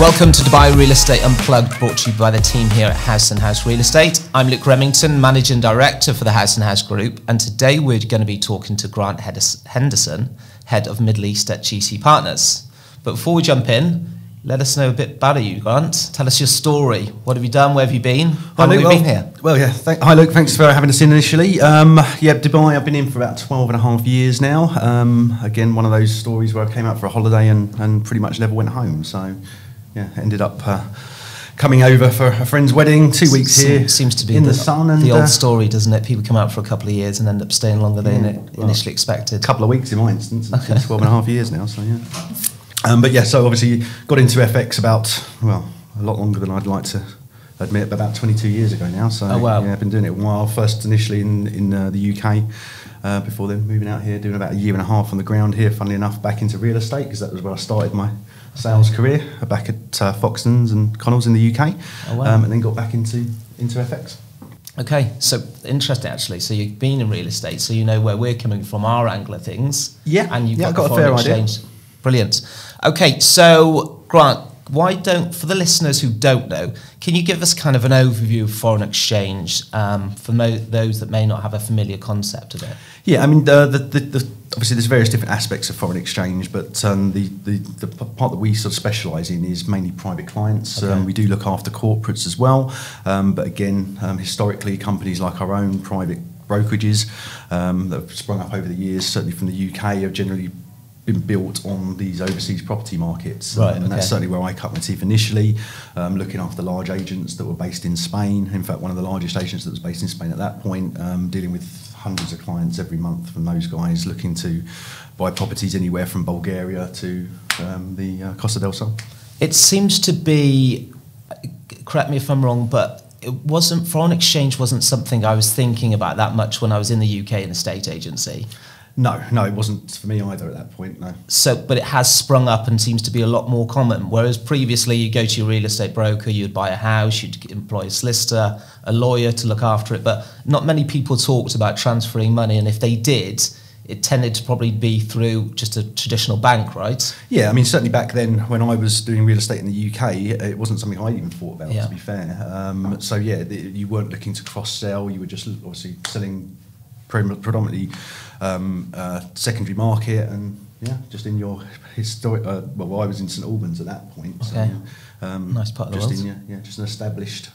Welcome to Dubai Real Estate Unplugged, brought to you by the team here at House and House Real Estate. I'm Luke Remington, Managing Director for the House and House Group, and today we're going to be talking to Grant Henderson, Head of Middle East at GC Partners. But before we jump in, let us know a bit about you, Grant. Tell us your story. What have you done? Where have you been? How long have you well, been here? Well, yeah. hi, Luke. Thanks for having us in initially. Um, yeah, Dubai, I've been in for about 12 and a half years now. Um, again, one of those stories where I came out for a holiday and, and pretty much never went home. So yeah, ended up uh, coming over for a friend's wedding, two weeks here. Seems to be in the, the sun. And the old uh, story, doesn't it? People come out for a couple of years and end up staying longer than yeah, well, initially expected. A couple of weeks in my instance. Okay. 12 and a half years now, so yeah. Um, but yeah, so obviously got into FX about, well, a lot longer than I'd like to admit, about 22 years ago now. So oh, wow. yeah, I've been doing it a while. First initially in, in uh, the UK, uh, before then moving out here, doing about a year and a half on the ground here, funnily enough, back into real estate because that was where I started my sales career back at uh, Foxtons and Connells in the UK. Oh, wow. um, and then got back into, into FX. Okay, so interesting actually. So you've been in real estate, so you know where we're coming from, our angle of things. Yeah, and you've yeah, got, got a fair exchange. idea. Brilliant. Okay, so Grant, why don't, for the listeners who don't know, can you give us kind of an overview of foreign exchange um, for mo- those that may not have a familiar concept of it? Yeah, I mean, the, the, the, obviously there's various different aspects of foreign exchange, but um, the, the, part that we sort of specialise in is mainly private clients. Okay. Um, we do look after corporates as well, um, but again, um, historically, companies like our own private brokerages um, that have sprung up over the years, certainly from the UK, have generally been built on these overseas property markets. Right, and okay. that's certainly where I cut my teeth initially, um, looking after large agents that were based in Spain. In fact, one of the largest agents that was based in Spain at that point, um, dealing with hundreds of clients every month from those guys looking to buy properties anywhere from Bulgaria to um, the uh, Costa del Sol. It seems to be, correct me if I'm wrong, but it wasn't foreign exchange wasn't something I was thinking about that much when I was in the UK in the state agency. No, no, it wasn't for me either at that point. No. So, but it has sprung up and seems to be a lot more common. Whereas previously, you go to your real estate broker, you'd buy a house, you'd employ a solicitor, a lawyer to look after it. But not many people talked about transferring money, and if they did, it tended to probably be through just a traditional bank, right? Yeah, I mean, certainly back then when I was doing real estate in the UK, it wasn't something I even thought about, yeah. to be fair. Um, so, yeah, you weren't looking to cross sell, you were just obviously selling predominantly um, uh, secondary market, and yeah, just in your historic. Uh, well, I was in St Albans at that point. Okay. So, um, nice part of the world. In, yeah, yeah, just an established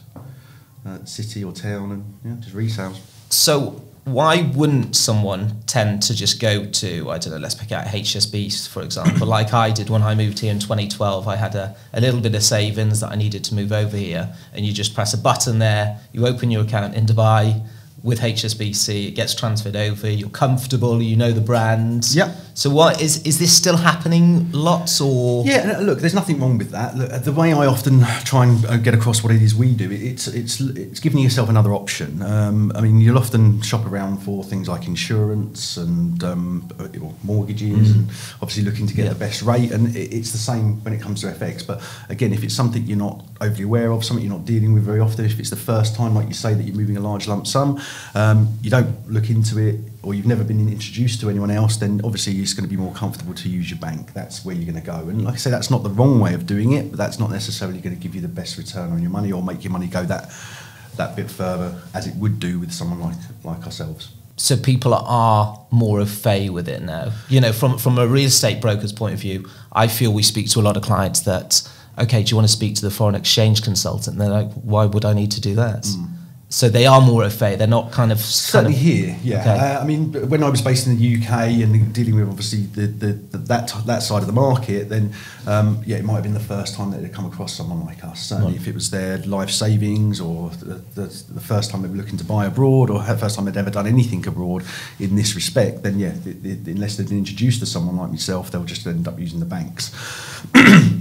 uh, city or town, and yeah, just resales. So why wouldn't someone tend to just go to I don't know let's pick out HSBC for example like I did when I moved here in 2012 I had a, a little bit of savings that I needed to move over here and you just press a button there you open your account in Dubai with HSBC, it gets transferred over, you're comfortable, you know the brand. Yeah. So what is is this still happening lots or? Yeah, look, there's nothing wrong with that. Look, the way I often try and uh, get across what it is we do, it's it's it's giving yourself another option. Um, I mean, you'll often shop around for things like insurance and um, uh, mortgages, mm. and obviously looking to get yeah. the best rate. And it's the same when it comes to FX. But again, if it's something you're not overly aware of, something you're not dealing with very often, if it's the first time, like you say, that you're moving a large lump sum, um, you don't look into it or you've never been introduced to anyone else, then obviously it's going to be more comfortable to use your bank. That's where you're going to go. And like I say, that's not the wrong way of doing it, but that's not necessarily going to give you the best return on your money or make your money go that that bit further as it would do with someone like like ourselves. So people are more of fay with it now. You know, from from a real estate broker's point of view, I feel we speak to a lot of clients that okay, do you want to speak to the foreign exchange consultant? And they're like, why would I need to do that? Mm so they are more au fait. They're not kind of certainly kind of, here. Yeah, okay. uh, I mean, when I was based in the UK and dealing with obviously the, the, the that that side of the market, then um, yeah, it might have been the first time that they'd come across someone like us. Certainly, right. if it was their life savings or the, the, the, first time they were looking to buy abroad or the first time they'd ever done anything abroad in this respect, then yeah, the, unless they'd been introduced to someone like myself, they'll just end up using the banks.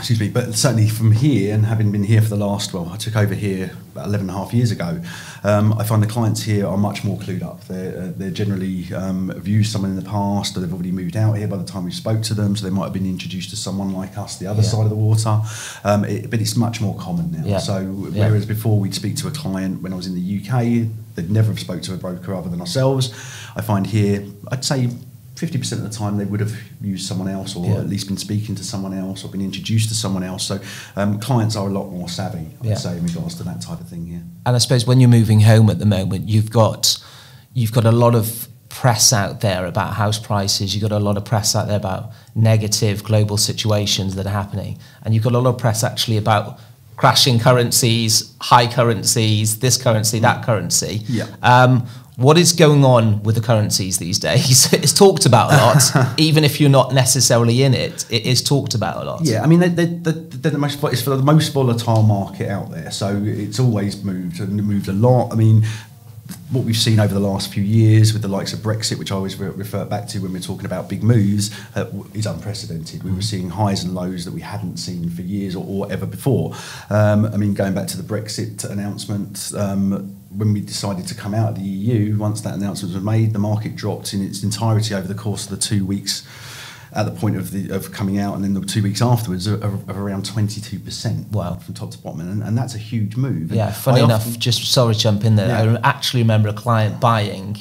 excuse me, but certainly from here and having been here for the last, well, I took over here about 11 and a half years ago, um, I find the clients here are much more clued up. They're, uh, they're generally um, have used someone in the past or they've already moved out here by the time we spoke to them, so they might have been introduced to someone like us the other yeah. side of the water. Um, it, but it's much more common now. Yeah. So whereas yeah. before we'd speak to a client when I was in the UK, they'd never have spoke to a broker other than ourselves. I find here, I'd say 50% of the time they would have used someone else or yeah. at least been speaking to someone else or been introduced to someone else. So um, clients are a lot more savvy, I'd yeah. say, in regards to that type of thing, yeah. And I suppose when you're moving home at the moment, you've got you've got a lot of press out there about house prices, you've got a lot of press out there about negative global situations that are happening, and you've got a lot of press actually about crashing currencies, high currencies, this currency, that currency. Yeah. Um, what is going on with the currencies these days? it's talked about a lot, even if you're not necessarily in it. It is talked about a lot. Yeah, I mean, they're, they're, they're the most it's the most volatile market out there, so it's always moved and moved a lot. I mean, what we've seen over the last few years with the likes of Brexit, which I always re- refer back to when we're talking about big moves, uh, is unprecedented. We were seeing highs and lows that we hadn't seen for years or, or ever before. Um, I mean, going back to the Brexit announcement. Um, when we decided to come out of the EU, once that announcement was made, the market dropped in its entirety over the course of the two weeks at the point of the of coming out, and then the two weeks afterwards of, of around twenty two percent. Wow, from top to bottom, and, and that's a huge move. Yeah, funny I enough, often, just sorry, jump in there. Yeah. I actually remember a client buying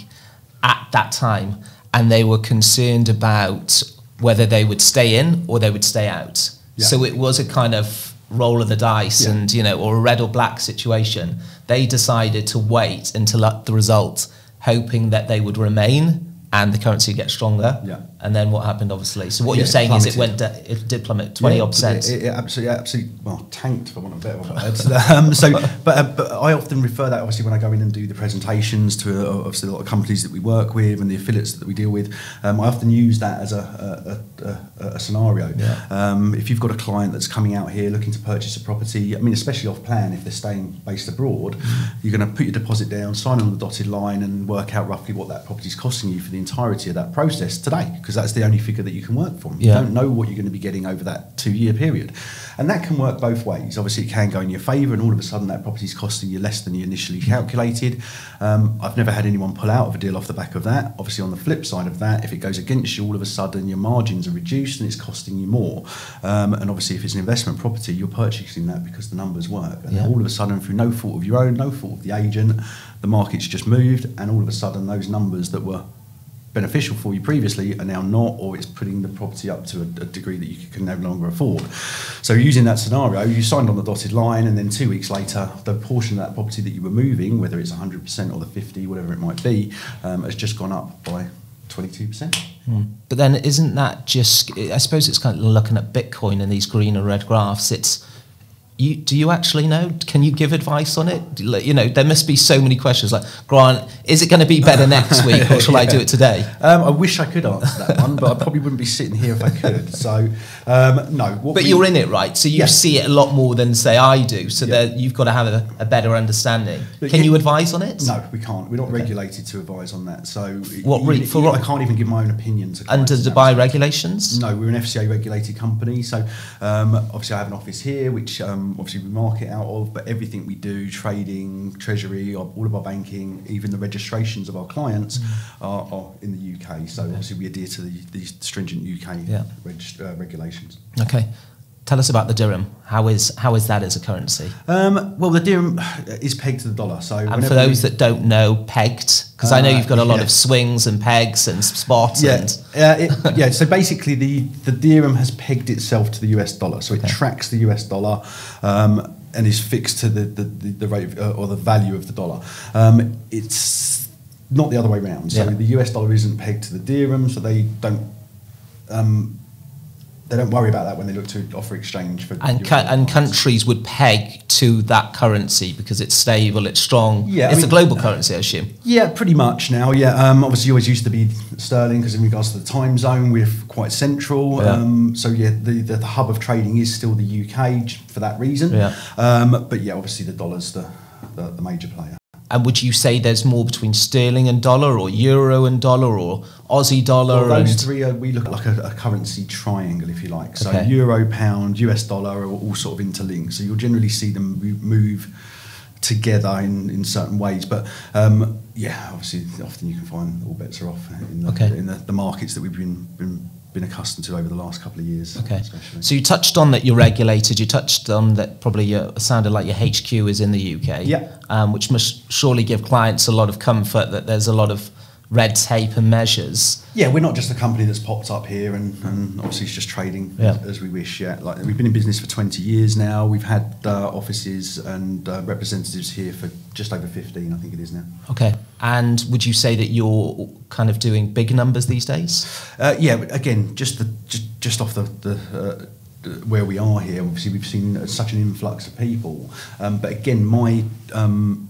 at that time, and they were concerned about whether they would stay in or they would stay out. Yeah. So it was a kind of roll of the dice, yeah. and you know, or a red or black situation they decided to wait until the results, hoping that they would remain and the currency get stronger. Yeah and then what happened, obviously. So what yeah, you're saying plummeted. is it went de- it did plummet twenty odd percent. It, it, it absolutely, absolutely, well, tanked for want of a better word. um, so, but, uh, but I often refer that obviously when I go in and do the presentations to uh, obviously a lot of companies that we work with and the affiliates that we deal with. Um, I often use that as a, a, a, a scenario. Yeah. Um, if you've got a client that's coming out here looking to purchase a property, I mean, especially off plan, if they're staying based abroad, mm-hmm. you're going to put your deposit down, sign on the dotted line, and work out roughly what that property is costing you for the entirety of that process today because that's the only figure that you can work from. Yeah. You don't know what you're going to be getting over that two year period. And that can work both ways. Obviously, it can go in your favour, and all of a sudden, that property's costing you less than you initially mm-hmm. calculated. Um, I've never had anyone pull out of a deal off the back of that. Obviously, on the flip side of that, if it goes against you, all of a sudden your margins are reduced and it's costing you more. Um, and obviously, if it's an investment property, you're purchasing that because the numbers work. And yeah. all of a sudden, through no fault of your own, no fault of the agent, the market's just moved, and all of a sudden, those numbers that were beneficial for you previously are now not, or it's putting the property up to a, a, degree that you can no longer afford. So, using that scenario, you signed on the dotted line, and then two weeks later, the portion of that property that you were moving, whether it's 100% or the 50, whatever it might be, um, has just gone up by 22%. Mm. But then, isn't that just, I suppose it's kind of looking at Bitcoin and these green and red graphs, it's you, do you actually know? Can you give advice on it? You know, there must be so many questions. Like, Grant, is it going to be better next week, or shall yeah. I do it today? Um, I wish I could answer that one, but I probably wouldn't be sitting here if I could. So, um, no. but we, you're in it, right? So you yeah. see it a lot more than say I do. So yeah. you've got to have a, a better understanding. But Can it, you advise on it? No, we can't. We're not okay. regulated to advise on that. So what? Even, for what? I can't even give my own opinion. Under Dubai regulations? No, we're an FCA regulated company. So um, obviously, I have an office here, which um, obviously we market out of, but everything we do, trading, treasury, all of our banking, even the registrations of our clients mm. are, are, in the UK. So obviously we adhere to the, the stringent UK yeah. reg- uh, regulations. Okay. Tell us about the dirham. How is how is that as a currency? Um, well, the dirham is pegged to the dollar. So, and for those we, that don't know, pegged because uh, I know you've got a lot uh, yeah. of swings and pegs and spots. Yeah, and uh, it, yeah. So basically, the the dirham has pegged itself to the US dollar, so it okay. tracks the US dollar. Um, and is fixed to the, the, the rate of, uh, or the value of the dollar. Um, it's not the other way around. So yeah. the US dollar isn't pegged to the dirham, so they don't um, they don't worry about that when they look to offer exchange for and, and countries would peg to that currency because it's stable, it's strong. Yeah, it's I mean, a global uh, currency, I assume. Yeah, pretty much now. Yeah, um, obviously, always used to be sterling because in regards to the time zone, we're quite central. Yeah. Um, so yeah, the, the, the, hub of trading is still the UK for that reason. Yeah. Um, but yeah, obviously the dollar's the the, the major player. And would you say there's more between sterling and dollar, or euro and dollar, or Aussie dollar? Well, those three are, we look at like a, a, currency triangle, if you like. So okay. euro, pound, US dollar are all sort of interlinked. So you'll generally see them move together in, in certain ways. But um, yeah, obviously, often you can find all bets are off in the, okay. in the, the markets that we've been, been been accustomed to over the last couple of years. Okay. Especially. So you touched on that you're regulated. You touched on that probably uh, sounded like your HQ is in the UK. Yeah. Um, which must surely give clients a lot of comfort that there's a lot of red tape and measures. Yeah, we're not just a company that's popped up here and, and obviously it's just trading yeah. as, as, we wish. Yeah, like we've been in business for 20 years now. We've had uh, offices and uh, representatives here for just over 15, I think it is now. Okay. And would you say that you're kind of doing big numbers these days? Uh, yeah, again, just the, just, just off the, the uh, where we are here, obviously we've seen uh, such an influx of people. Um, but again, my um,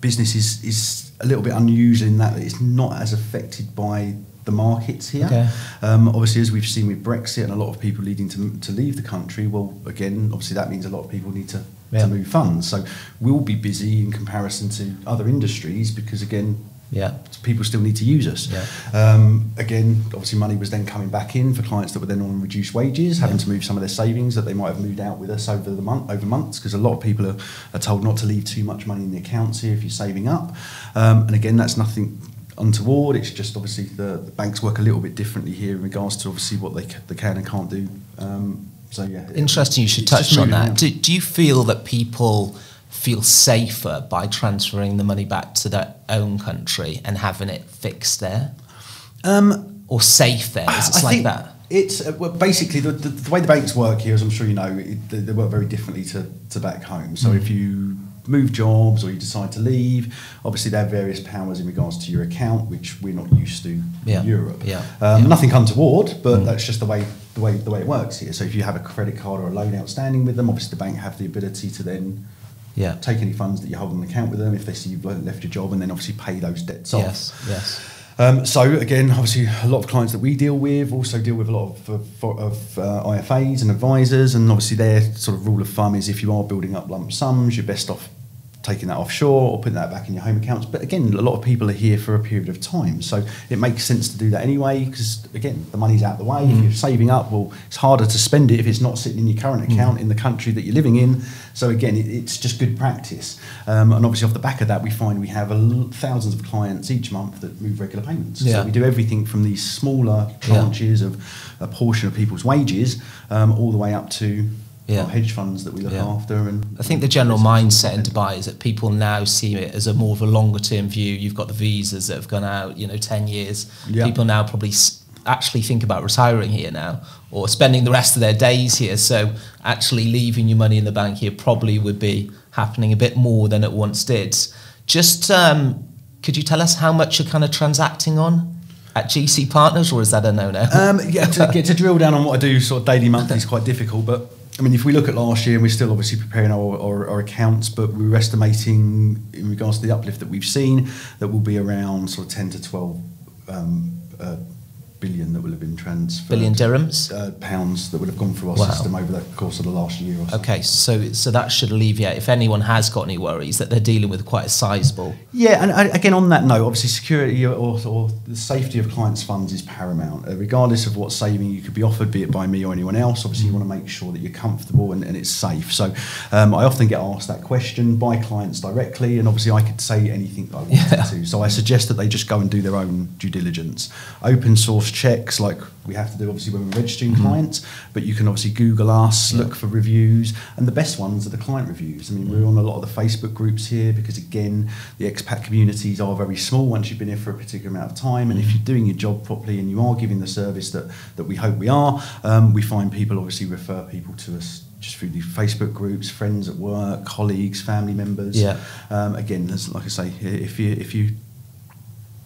business is is a little bit unusual in that it's not as affected by the markets here. Okay. Um, obviously, as we've seen with Brexit and a lot of people needing to, to leave the country, well, again, obviously that means a lot of people need to yeah. to move funds. So we'll be busy in comparison to other industries because again, yeah, people still need to use us. Yeah. Um, again, obviously, money was then coming back in for clients that were then on reduced wages, having yeah. to move some of their savings that they might have moved out with us over the month over months because a lot of people are, are, told not to leave too much money in the accounts here if you're saving up. Um, and again, that's nothing untoward. It's just obviously the, the, banks work a little bit differently here in regards to obviously what they, they can and can't do um, so yeah, interesting. You should touch on that. Do, do, you feel that people feel safer by transferring the money back to their own country and having it fixed there, um, or safe there? it I like that? It's uh, well, basically the, the, the, way the banks work here, as I'm sure you know, it, they, they, work very differently to, to back home. So mm. if you move jobs or you decide to leave. Obviously, they have various powers in regards to your account, which we're not used to yeah. in Europe. Yeah. Um, yeah. Nothing untoward, but mm. that's just the way the way the way it works here. So if you have a credit card or a loan outstanding with them, obviously the bank have the ability to then yeah. take any funds that you hold on account with them if they see you've left your job, and then obviously pay those debts off. Yes. Yes. Um, so again, obviously, a lot of clients that we deal with also deal with a lot of, of, of uh, IFAs and advisors, and obviously their sort of rule of thumb is if you are building up lump sums, you're best off taking that offshore or putting that back in your home accounts. But again, a lot of people are here for a period of time, so it makes sense to do that anyway. Because again, the money's out of the way. Mm. If you're saving up, well, it's harder to spend it if it's not sitting in your current mm. account mm. in the country that you're living in. So again, it, it's just good practice. Um, and obviously, off the back of that, we find we have thousands of clients each month that move regular payments. Yeah. So we do everything from these smaller tranches yeah. of a portion of people's wages um, all the way up to yeah. our hedge funds that we look yeah. after. And I think the general mindset in Dubai is that people now see it as a more of a longer term view. You've got the visas that have gone out, you know, ten years. Yeah. People now probably actually think about retiring here now or spending the rest of their days here. So actually leaving your money in the bank here probably would be happening a bit more than it once did. Just um, could you tell us how much you're kind of transacting on? at GC Partners, or is that a no-no? Um, yeah, to, to, drill down on what I do sort of daily, monthly is quite difficult, but I mean, if we look at last year, and we're still obviously preparing our, our, our, accounts, but we're estimating in regards to the uplift that we've seen that will be around sort of 10 to 12 um, uh, billion that will have been transferred. Billion dirhams? Uh, pounds that would have gone through our wow. system over the course of the last year or so. Okay, so so that should alleviate, if anyone has got any worries, that they're dealing with quite a sizable. Yeah, and I, again, on that note, obviously security or, or, the safety of clients' funds is paramount. Uh, regardless of what saving you could be offered, be it by me or anyone else, obviously you want to make sure that you're comfortable and, and it's safe. So um, I often get asked that question by clients directly, and obviously I could say anything that I wanted yeah. to. So I suggest that they just go and do their own due diligence. Open source course checks like we have to do obviously when we're registering mm-hmm. clients, but you can obviously Google us, yeah. look for reviews, and the best ones are the client reviews. I mean, we're mm-hmm. on a lot of the Facebook groups here because again, the expat communities are very small once you've been here for a particular amount of time, and if mm-hmm. you're doing your job properly and you are giving the service that that we hope we are, um, we find people obviously refer people to us just through the Facebook groups, friends at work, colleagues, family members. Yeah. Um, again, like I say, if you if you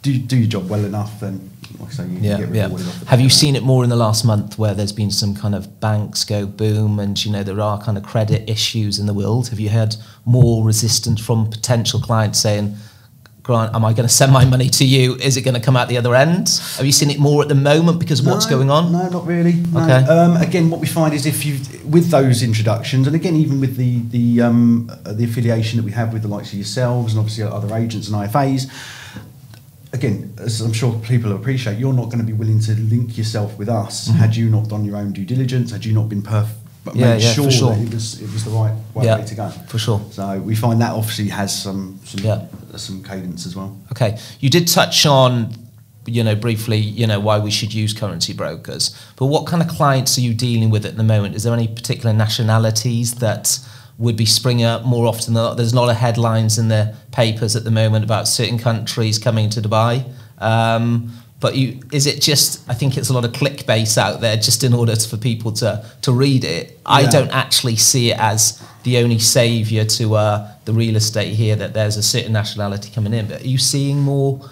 do do your job well enough, then like I say, you yeah, get rewarded yeah. Have you seen it more in the last month where there's been some kind of banks go boom and you know there are kind of credit issues in the world? Have you heard more resistance from potential clients saying, Grant, am I going to send my money to you? Is it going to come out the other end? Have you seen it more at the moment because of no, what's going on? No, not really. No. Okay. Um, again, what we find is if you, with those introductions, and again, even with the the um, the affiliation that we have with the likes of yourselves and obviously other agents and IFAs, again, as I'm sure people appreciate, you're not going to be willing to link yourself with us mm-hmm. had you not done your own due diligence, had you not been perfect. But yeah, made yeah, sure, sure. it was it was the right, right yeah, way to go. For sure. So we find that obviously has some some, yeah. some cadence as well. Okay, you did touch on you know briefly you know why we should use currency brokers, but what kind of clients are you dealing with at the moment? Is there any particular nationalities that would be springing up more often than not. There's a lot of headlines in the papers at the moment about certain countries coming to Dubai. Um, but you, is it just? I think it's a lot of clickbait out there, just in order for people to to read it. Yeah. I don't actually see it as the only saviour to uh, the real estate here. That there's a certain nationality coming in. But are you seeing more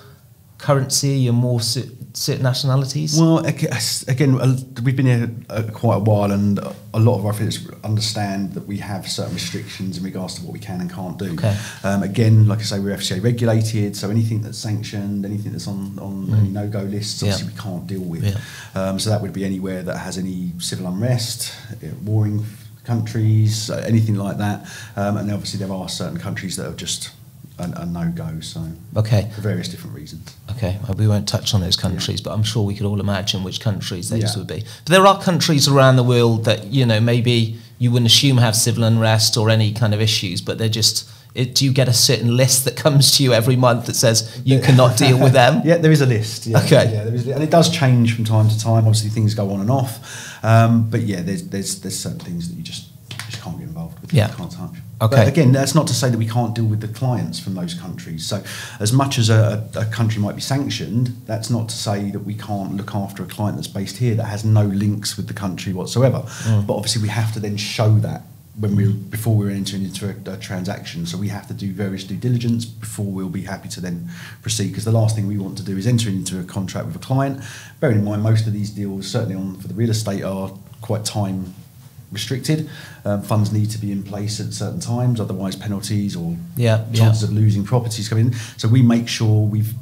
currency and more? Su- certain nationalities? Well, again, we've been here uh, quite a while, and a lot of our affiliates understand that we have certain restrictions in regards to what we can and can't do. Okay. Um, again, like I say, we're FCA regulated, so anything that's sanctioned, anything that's on, on mm. any no go lists, obviously yeah. we can't deal with. Yeah. Um, so that would be anywhere that has any civil unrest, uh, warring countries, uh, anything like that. Um, and obviously, there are certain countries that have just a, a no go. So okay, for various different reasons. Okay, well, we won't touch on those countries, yeah. but I'm sure we could all imagine which countries those yeah. would be. But there are countries around the world that you know maybe you wouldn't assume have civil unrest or any kind of issues, but they're just. It, do you get a certain list that comes to you every month that says you cannot deal with them? yeah, there is a list. Yeah, okay. Yeah, there is, and it does change from time to time. Obviously, things go on and off. Um, but yeah, there's, there's there's certain things that you just, just can't get involved with. Yeah. You can't touch. Okay. But again, that's not to say that we can't deal with the clients from those countries. So, as much as a, a, country might be sanctioned, that's not to say that we can't look after a client that's based here that has no links with the country whatsoever. Mm. But obviously, we have to then show that when we before we're entering into a, a, transaction. So we have to do various due diligence before we'll be happy to then proceed. Because the last thing we want to do is enter into a contract with a client. Bearing in mind, most of these deals, certainly on for the real estate, are quite time restricted. Um, funds need to be in place at certain times, otherwise penalties or yeah, chances yeah. of losing properties come in. So we make sure we've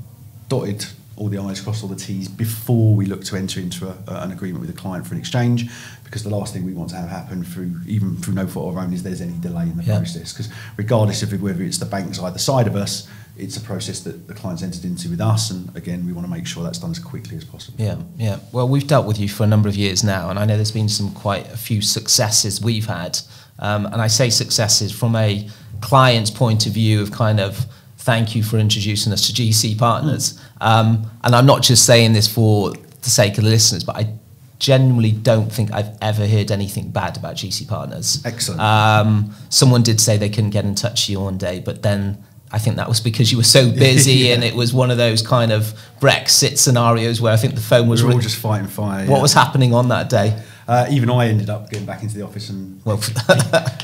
dotted all the I's, crossed all the T's before we look to enter into a, uh, an agreement with a client for an exchange, because the last thing we want to have happen through, even through no fault of our own, is there's any delay in the yeah. process. Because regardless of whether it's the banks either side of us, it's a process that the client's entered into with us, and again, we want to make sure that's done as quickly as possible. Yeah, yeah. Well, we've dealt with you for a number of years now, and I know there's been some quite a few successes we've had, um, and I say successes from a client's point of view of kind of thank you for introducing us to GC partners, um, and I'm not just saying this for the sake of the listeners, but I genuinely don't think I've ever heard anything bad about GC partners. Excellent. Um, someone did say they couldn't get in touch with you one day, but then I think that was because you were so busy yeah. and it was one of those kind of Brexit scenarios where I think the phone was. We were all just fighting fire. What yeah. was happening on that day? Uh, even I ended up going back into the office and well,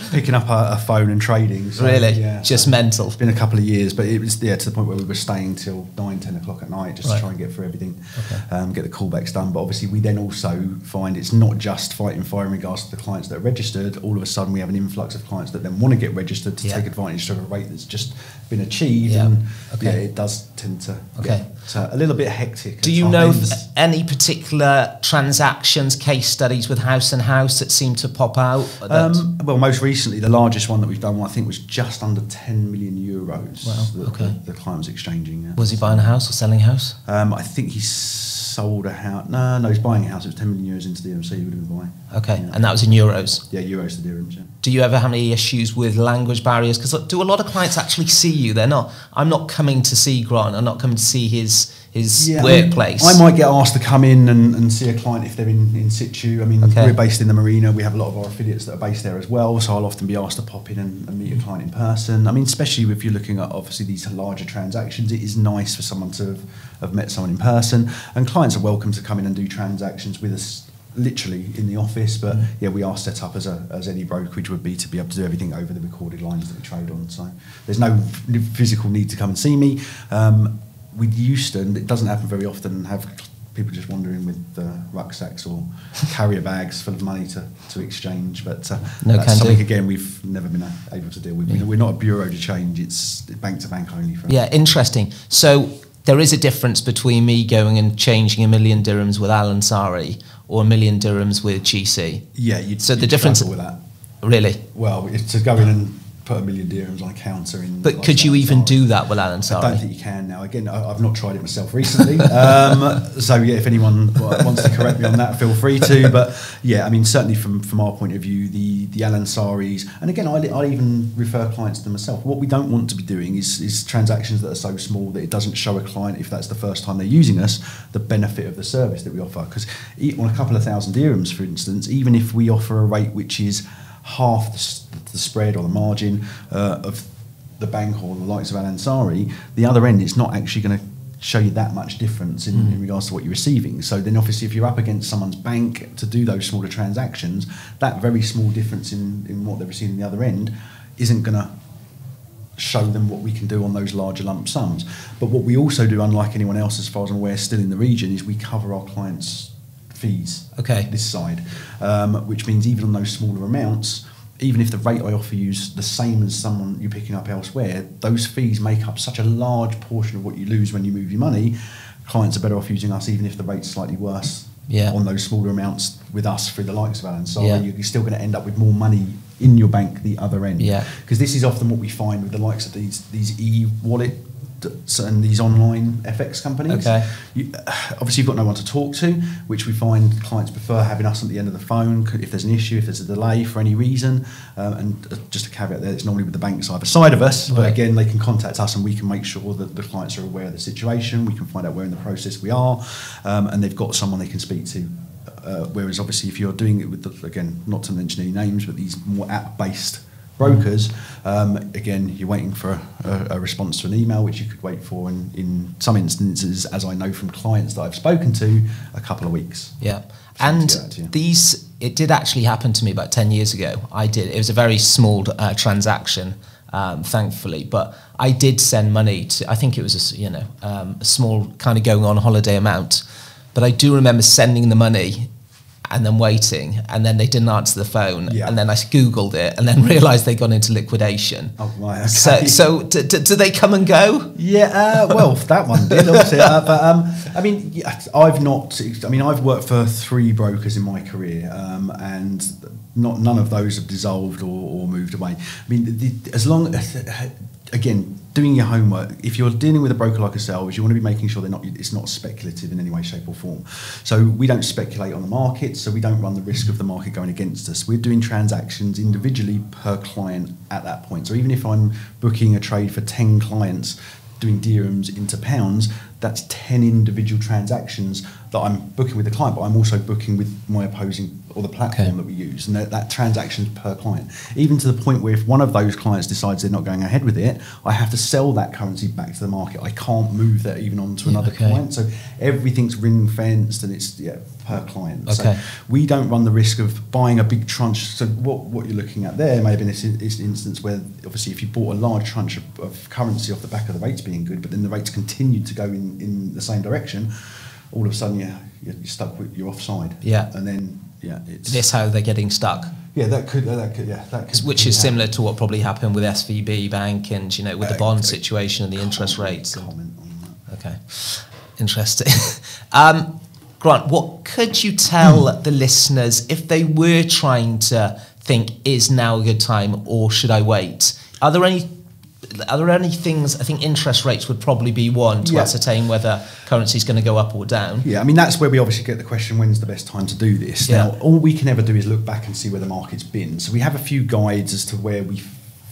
picking up a, a, phone and trading. So, really? Yeah, just so mental. It's been a couple of years, but it was yeah to the point where we were staying till nine, ten o'clock at night just right. to try and get through everything, okay. um, get the callbacks done. But obviously, we then also find it's not just fighting fire in regards to the clients that are registered. All of a sudden, we have an influx of clients that then want to get registered to yeah. take advantage of a rate that's just been achieved, yeah. and okay. yeah, it does tend to okay. so uh, a little bit hectic. Do you times. know any particular transactions, case studies with House and House that seem to pop out? Um, well, most recently, the largest one that we've done, I think, was just under 10 million euros. Wow. That okay. The, the client was exchanging. Yeah. Was he buying a house or selling a house? Um, I think he sold a house. No, no, he's buying a house. It was 10 million euros into the MC. he would have been buying. Okay, yeah. and that was in euros. Yeah, euros The dirhams. Yeah. Do you ever have any issues with language barriers? Because do a lot of clients actually see you? They're not. I'm not coming to see Grant. I'm not coming to see his his yeah, workplace. I, mean, I, might get asked to come in and, and see a client if they're in, in situ. I mean, okay. we're based in the marina. We have a lot of our affiliates that are based there as well. So I'll often be asked to pop in and, and meet a mm. client in person. I mean, especially if you're looking at obviously these larger transactions, it is nice for someone to have, have met someone in person. And clients are welcome to come in and do transactions with us literally in the office. But mm. yeah, we are set up as a, as any brokerage would be to be able to do everything over the recorded lines that we trade on. So there's no physical need to come and see me. Um, we it doesn't happen very often, have people just wandering with uh, rucksacks or carrier bags full of money to, to exchange. But uh, no that's something do. again we've never been uh, able to deal with. Yeah. We're not a bureau to change; it's bank to bank only. yeah, us. interesting. So there is a difference between me going and changing a million dirhams with Alan Sari or a million dirhams with GC. Yeah, you so the difference with that. Really? Well, to go in and put a million dirhams on a counter in. But could you even do that with Alan Sari? I don't think you can now. Again, I, have not tried it myself recently. um, so yeah, if anyone wants to correct me on that, feel free to. But yeah, I mean, certainly from from our point of view, the the Alan Saris, and again, I, I even refer clients to myself. What we don't want to be doing is is transactions that are so small that it doesn't show a client if that's the first time they're using us the benefit of the service that we offer. Because on a couple of thousand dirhams, for instance, even if we offer a rate which is half the, the spread or the margin uh, of the bank or the likes of Al Ansari, the other end it's not actually going to show you that much difference in, mm. in, hmm. regards to what you're receiving. So then, obviously, if you're up against someone's bank to do those smaller transactions, that very small difference in, in what they're receiving the other end isn't going to show them what we can do on those larger lump sums. But what we also do, unlike anyone else, as far as I'm aware, still in the region, is we cover our clients' fees okay. this side, um, which means even on those smaller amounts, even if the rate I offer you is the same as someone you're picking up elsewhere, those fees make up such a large portion of what you lose when you move your money. Clients are better off using us, even if the rate's slightly worse yeah. on those smaller amounts with us through the likes of Alan. So yeah. you're still going to end up with more money in your bank the other end. Yeah. Because this is often what we find with the likes of these these e-wallet certain these online FX companies. Okay. You, obviously, you've got no one to talk to, which we find clients prefer having us at the end of the phone if there's an issue, if there's a delay for any reason. Um, and uh, just a caveat there, it's normally with the banks either side of us, right. but again, they can contact us and we can make sure that the clients are aware of the situation. We can find out where in the process we are, um, and they've got someone they can speak to. Uh, whereas, obviously, if you're doing it with, the, again, not to mention any names, but these more app based brokers, um, again, you're waiting for a, a, response to an email, which you could wait for in, in some instances, as I know from clients that I've spoken to, a couple of weeks. Yeah. And these, it did actually happen to me about 10 years ago. I did. It was a very small uh, transaction. Um, thankfully. But I did send money to, I think it was a, you know, um, a small kind of going on holiday amount. But I do remember sending the money and then waiting, and then they didn't answer the phone, yeah. and then I googled it, and then realised they'd gone into liquidation. Oh my! Okay. So, so do, do, they come and go? Yeah. Uh, well, that one did obviously. Uh, but um, I mean, I've not. I mean, I've worked for three brokers in my career, um, and not none of those have dissolved or, or moved away. I mean, the, as long as again, doing your homework. If you're dealing with a broker like ourselves, you want to be making sure they're not it's not speculative in any way, shape, or form. So we don't speculate on the market, so we don't run the risk of the market going against us. We're doing transactions individually per client at that point. So even if I'm booking a trade for 10 clients doing dirhams into pounds, that's 10 individual transactions that I'm booking with the client, but I'm also booking with my opposing or the platform okay. that we use, and that, that per client. Even to the point where if one of those clients decides they're not going ahead with it, I have to sell that currency back to the market. I can't move that even onto another okay. client. So everything's ring fenced and it's yeah per client. Okay. So we don't run the risk of buying a big tranche. So what what you're looking at there may have been this, this instance where obviously if you bought a large tranche of, of currency off the back of the rates being good, but then the rates continued to go in in the same direction all of a sudden you're, you're stuck with you're offside. Yeah. And then yeah, it's this how they're getting stuck. Yeah, that could that could yeah that could, which is similar to what probably happened with SVB Bank and you know with uh, the bond situation and the interest rates. Comment that. Okay, interesting. um, Grant, what could you tell the listeners if they were trying to think is now a good time or should I wait? Are there any are there any things I think interest rates would probably be one to yeah. ascertain whether currency is going to go up or down? Yeah, I mean that's where we obviously get the question: when's the best time to do this? Yeah. Now, all we can ever do is look back and see where the market's been. So we have a few guides as to where we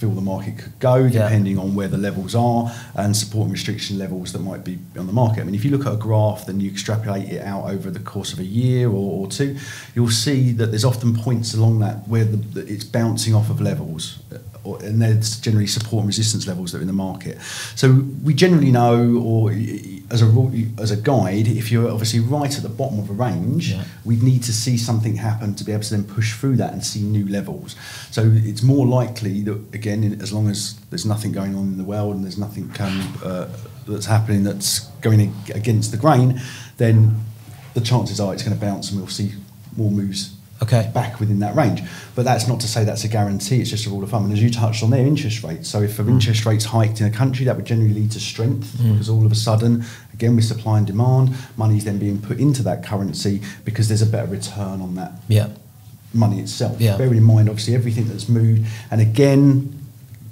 feel the market could go, depending yeah. on where the levels are and support and restriction levels that might be on the market. I mean, if you look at a graph, then you extrapolate it out over the course of a year or, or two, you'll see that there's often points along that where the, it's bouncing off of levels or, and there's generally support and resistance levels that are in the market. So we generally know, or as a as a guide, if you're obviously right at the bottom of a range, yeah. we need to see something happen to be able to then push through that and see new levels. So it's more likely that again, as long as there's nothing going on in the world and there's nothing um, uh, that's happening that's going against the grain, then the chances are it's going to bounce and we'll see more moves okay. back within that range. But that's not to say that's a guarantee, it's just a rule of thumb. And as you touched on their interest rates. So if mm. interest rates hiked in a country, that would generally lead to strength mm. because all of a sudden, again, with supply and demand, money's then being put into that currency because there's a better return on that yeah. money itself. Yeah. Bearing in mind, obviously, everything that's moved. And again,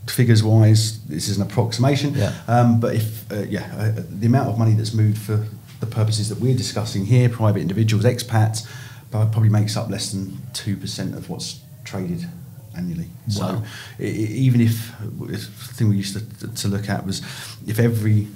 figures wise, this is an approximation. Yeah. Um, but if, uh, yeah, uh, the amount of money that's moved for the purposes that we're discussing here, private individuals, expats, but probably makes up less than 2% of what's traded annually. Wow. So it, even if the thing we used to, to look at was if every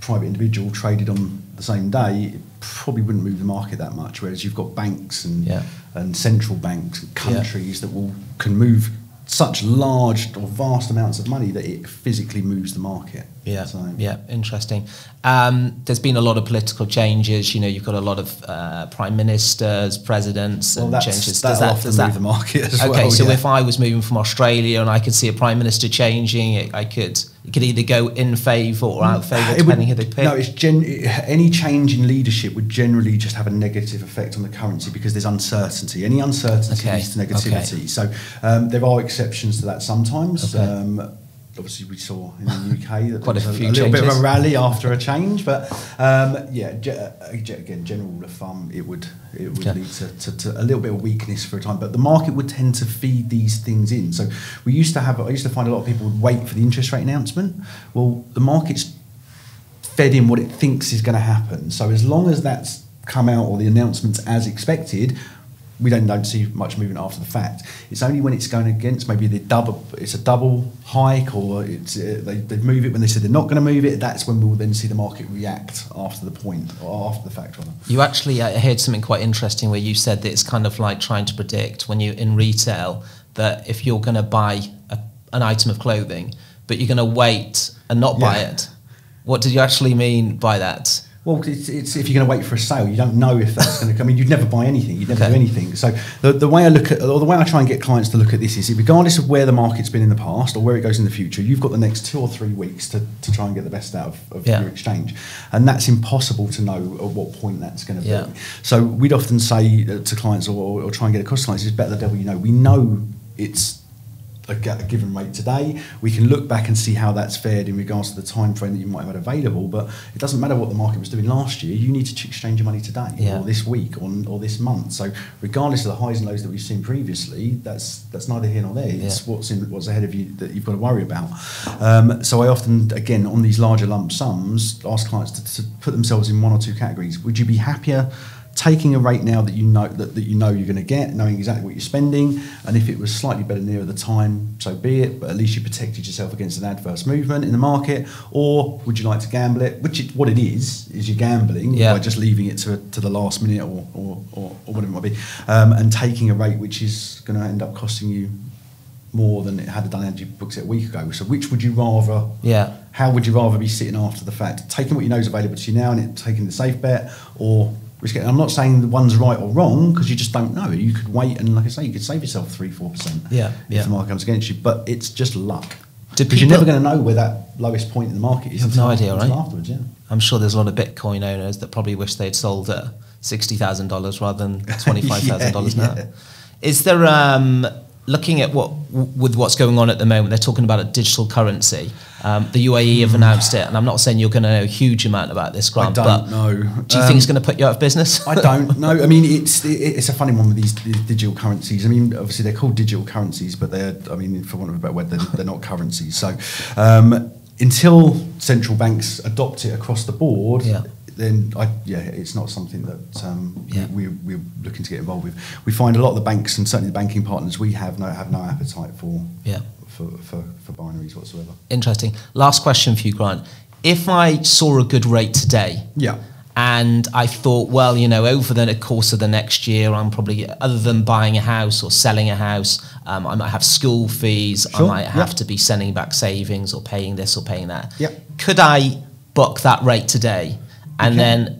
private individual traded on the same day, it probably wouldn't move the market that much. Whereas you've got banks and yeah. and central banks and countries yeah. that will can move such large or vast amounts of money that it physically moves the market. Yeah, yeah, interesting. Um, there's been a lot of political changes. You know, you've got a lot of uh, prime ministers, presidents, well, and changes. Does that, does that the market as okay, well, so yeah. if I was moving from Australia and I could see a prime minister changing, it, I could it could either go in favour or out of mm, favour depending would, who they pick. No, it's gen- any change in leadership would generally just have a negative effect on the currency because there's uncertainty. Any uncertainty okay. leads to negativity. Okay. So um, there are exceptions to that sometimes. Okay. Um, obviously we saw in the UK quite a, a, a little changes. bit of a rally after a change, but um, yeah, uh, ge- again, general rule of thumb, it would it would yeah. lead to, to, to, a little bit of weakness for a time, but the market would tend to feed these things in. So we used to have, I used to find a lot of people would wait for the interest rate announcement. Well, the market's fed in what it thinks is going to happen. So as long as that's come out or the announcements as expected, we then don't see much movement after the fact. It's only when it's going against maybe the double, it's a double hike, or it's uh, they, they move it when they said they're not going to move it. That's when we'll then see the market react after the point or after the fact. Rather. You actually I uh, heard something quite interesting where you said that it's kind of like trying to predict when you're in retail that if you're going to buy a, an item of clothing, but you're going to wait and not yeah. buy it. What did you actually mean by that? Well, it's, it's, if you're going to wait for a sale, you don't know if that's going to come. I mean, you'd never buy anything. You'd never okay. do anything. So the, the way I look at, or the way I try and get clients to look at this is, regardless of where the market's been in the past or where it goes in the future, you've got the next two or three weeks to, to try and get the best out of, of yeah. your exchange, and that's impossible to know at what point that's going to yeah. be. So we'd often say uh, to clients, or, or try and get across to clients, it's better the devil you know. We know it's a, a given rate today. We can look back and see how that's fared in regards to the time frame that you might have had available. But it doesn't matter what the market was doing last year. You need to exchange your money today, yeah. or this week, or, or this month. So regardless of the highs and lows that we've seen previously, that's that's neither here nor there. It's yeah. what's in what's ahead of you that you've got to worry about. Um, so I often, again, on these larger lump sums, ask clients to, to put themselves in one or two categories. Would you be happier? taking a rate now that you know that, that you know you're going to get, knowing exactly what you're spending, and if it was slightly better near the time, so be it. But at least you protected yourself against an adverse movement in the market. Or would you like to gamble it? Which it, what it is is you're gambling yeah. by just leaving it to to the last minute or or, or, or whatever it might be, um, and taking a rate which is going to end up costing you more than it had done had you booked it a week ago. So which would you rather? Yeah. How would you rather be sitting after the fact, taking what you know is available to you now and it, taking the safe bet, or I'm not saying the one's right or wrong because you just don't know. You could wait and, like I say, you could save yourself three, four percent. Yeah, yeah. If the market comes against you, but it's just luck because you're never going to know where that lowest point in the market is. You have no idea, right? Afterwards, yeah. I'm sure there's a lot of Bitcoin owners that probably wish they'd sold at sixty thousand dollars rather than twenty five thousand yeah, dollars now. Yeah. Is there um, looking at what with what's going on at the moment, they're talking about a digital currency. Um, the UAE have hmm. announced it, and I'm not saying you're going to know a huge amount about this, Grant. I don't know. Do you um, think it's going to put you out of business? I don't know. I mean, it's it's a funny one with these, these, digital currencies. I mean, obviously they're called digital currencies, but they're I mean, for want of a better word, they're, they're not currencies. So. Um, until central banks adopt it across the board, yeah then I, yeah, it's not something that um, yeah. we, we're looking to get involved with. We find a lot of the banks and certainly the banking partners we have no have no appetite for yeah. for, for, for binaries whatsoever. Interesting. Last question for you, Grant. If I saw a good rate today, yeah. And I thought, well, you know, over the course of the next year, I'm probably, other than buying a house or selling a house, um, I might have school fees. Sure. I might have yeah. to be sending back savings or paying this or paying that. Yeah. Could I book that rate today? and okay. then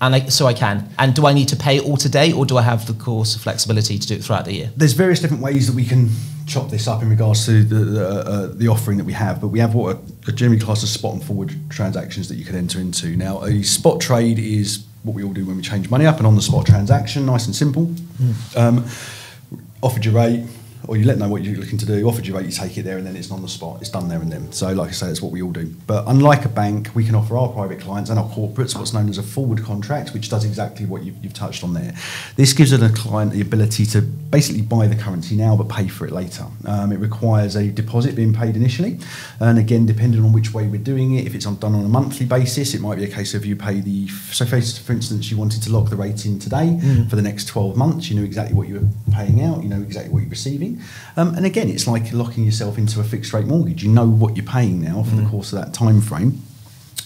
and I, so I can. And do I need to pay all today, or do I have the course flexibility to do it throughout the year? There's various different ways that we can chop this up in regards to the the, uh, the offering that we have, but we have what are generally class of spot and forward transactions that you can enter into. Now, a spot trade is what we all do when we change money up, an on the spot transaction, nice and simple. Mm. Um, offered your rate, or you let them know what you're looking to do, you offered your rate, you take it there, and then it's on the spot. It's done there and then. So, like I say, that's what we all do. But unlike a bank, we can offer our private clients and our corporates what's known as a forward contract, which does exactly what you've, you've touched on there. This gives a client the ability to basically buy the currency now but pay for it later. Um, it requires a deposit being paid initially, and again, depending on which way we're doing it, if it's done on a monthly basis, it might be a case of you pay the. So, for instance, you wanted to lock the rate in today mm. for the next 12 months, you knew exactly what you were paying out, you know exactly what you're receiving. Um, and again, it's like locking yourself into a fixed rate mortgage. You know what you're paying now for mm. the course of that time frame.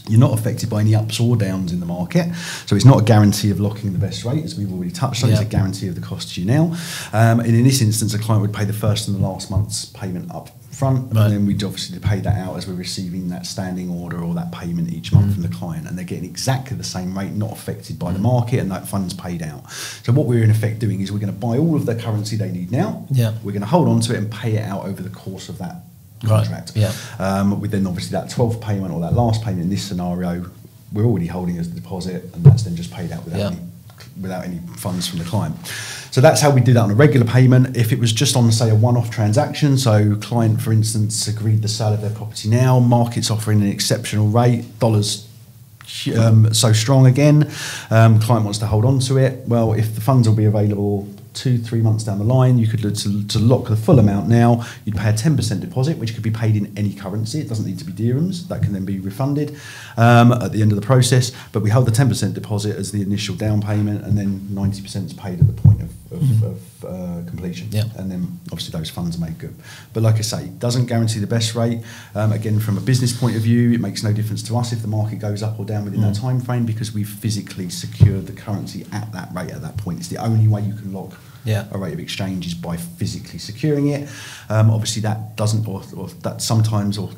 You're not affected by any ups or downs in the market. So it's not a guarantee of locking the best rate, as we've already touched on. Yep. It's a guarantee of the cost to you now. Um, and in this instance, a client would pay the first and the last month's payment up front, right. and then we'd obviously pay that out as we're receiving that standing order or that payment each month mm. from the client, and they're getting exactly the same rate, not affected by mm. the market, and that fund's paid out. So what we're in effect doing is we're going to buy all of the currency they need now. Yeah, we're going to hold on to it and pay it out over the course of that contract. Right. Yeah. Um, with then obviously that 12th payment or that last payment in this scenario, we're already holding as the deposit, and that's then just paid out without yeah. any, without any funds from the client. So that's how we do that on a regular payment. If it was just on, say, a one-off transaction, so client, for instance, agreed the sale of their property now, market's offering an exceptional rate, dollars um, so strong again, um, client wants to hold on to it. Well, if the funds will be available two, three months down the line, you could to, to lock the full amount now, you'd pay a 10% deposit, which could be paid in any currency. It doesn't need to be dirhams. That can then be refunded um, at the end of the process. But we held the 10% deposit as the initial down payment, and then 90% is paid at the point of, of, mm -hmm. of uh, completion. Yeah. And then obviously those funds make good. But like I say, doesn't guarantee the best rate. Um, again, from a business point of view, it makes no difference to us if the market goes up or down within mm -hmm. that time frame because we've physically secured the currency at that rate at that point. It's the only way you can lock yeah. rate of exchange is by physically securing it. Um, obviously, that doesn't, or, or that sometimes, or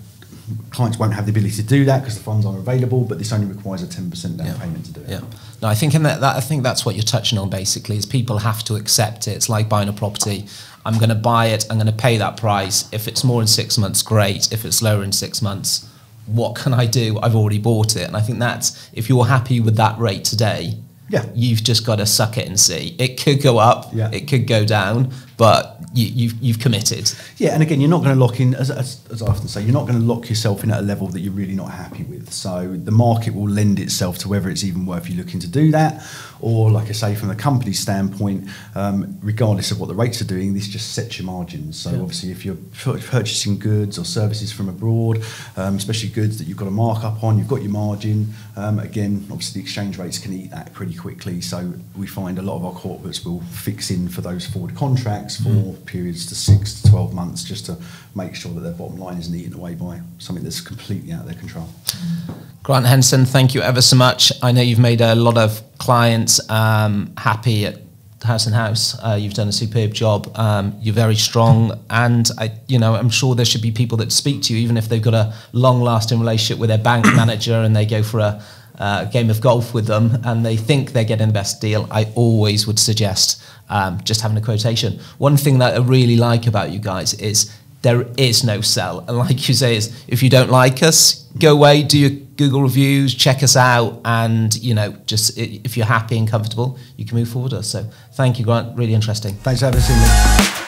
clients won't have the ability to do that because the funds aren't available. But this only requires a ten percent down yeah. payment to do it. Yeah. No, I think in that, that I think that's what you're touching on basically is people have to accept it. It's like buying a property. I'm going to buy it. I'm going to pay that price. If it's more in six months, great. If it's lower in six months, what can I do? I've already bought it, and I think that's if you're happy with that rate today, yeah, you've just got to suck it and see. It could go up, yeah. it could go down, but you, have you've, you've committed. Yeah, and again, you're not going to lock in, as, as, as I often say, you're not going to lock yourself in at a level that you're really not happy with. So the market will lend itself to whether it's even worth you looking to do that or, like I say, from the company standpoint, um, regardless of what the rates are doing, this just sets your margins. So, yeah. obviously, if you're purchasing goods or services from abroad, um, especially goods that you've got a markup on, you've got your margin. Um, again, obviously, the exchange rates can eat that pretty quickly. So, we find a lot of our corporates will fix in for those forward contracts for mm. periods to six to 12 months just to make sure that their bottom line isn't eaten away by something that's completely out of their control. Mm. Grant Henson, thank you ever so much. I know you've made a lot of clients um, happy at House and House. Uh, you've done a superb job. Um, you're very strong, and I, you know, I'm sure there should be people that speak to you, even if they've got a long-lasting relationship with their bank manager, and they go for a uh, game of golf with them and they think they're getting the best deal, I always would suggest um, just having a quotation. One thing that I really like about you guys is there is no sell. And like you say, is if you don't like us, go away, do your Google reviews, check us out, and you know, just if you're happy and comfortable, you can move forward us. So thank you, Grant. Really interesting. Thanks for having me.